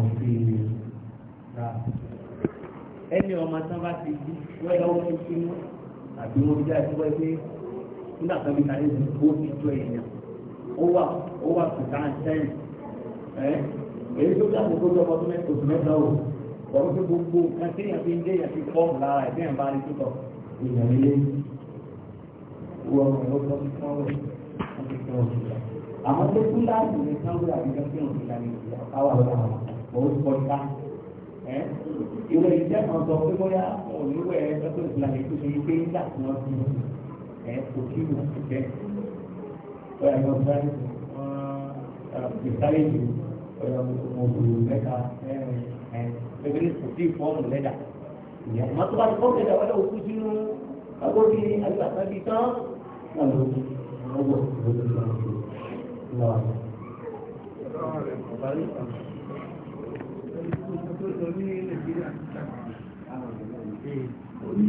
òfin ra ẹni ọmọ tán bá ti di wọ́n lọ́wọ́ ní sínú àbí wọ́n já ẹ̀fọ́ ẹgbẹ́ nígbà kan bí kàlẹ́ ti kó ti jọ èèyàn ó wà ó wà kò sẹ́yìn ẹ́ èyí tó dá àkókò tó ọmọdún mẹ́ta oṣù mẹ́ta wọ́n fi gbogbo nǹkan tí èèyàn fi ń dé èèyàn fi fọ́ọ̀mù lára ẹ̀ bẹ́ẹ̀ bá rí tó tọ̀ èèyàn nílé wọ́n ọmọ ẹ̀ tọ́ sí fọ́ọ̀mù àmọ́ tó láàbù ní sáwùrà káwà lọ́wọ́ òun kọjá ẹ ìwé ìjẹ́ kan sọ pé bóyá oníwẹ̀ ẹgbẹ́ ìlànà ètò ṣe pé nígbà tí wọ́n ti ẹ kò kí wọ́n ti jẹ́ bóyá yọ bá ìsáré yìí bóyá mo lò mẹ́ta mẹ́rin ẹ bẹ́ẹ̀ ni kò sí fọ́ọ̀mù lẹ́dà ìyá àmọ́ tó bá ti fọ́ọ̀mù lẹ́dà wọlé òkú sínú agbóbi àgbàgbà bíi tán wọn lò ó lọ́wọ́ lọ́wọ́ lọ́wọ́.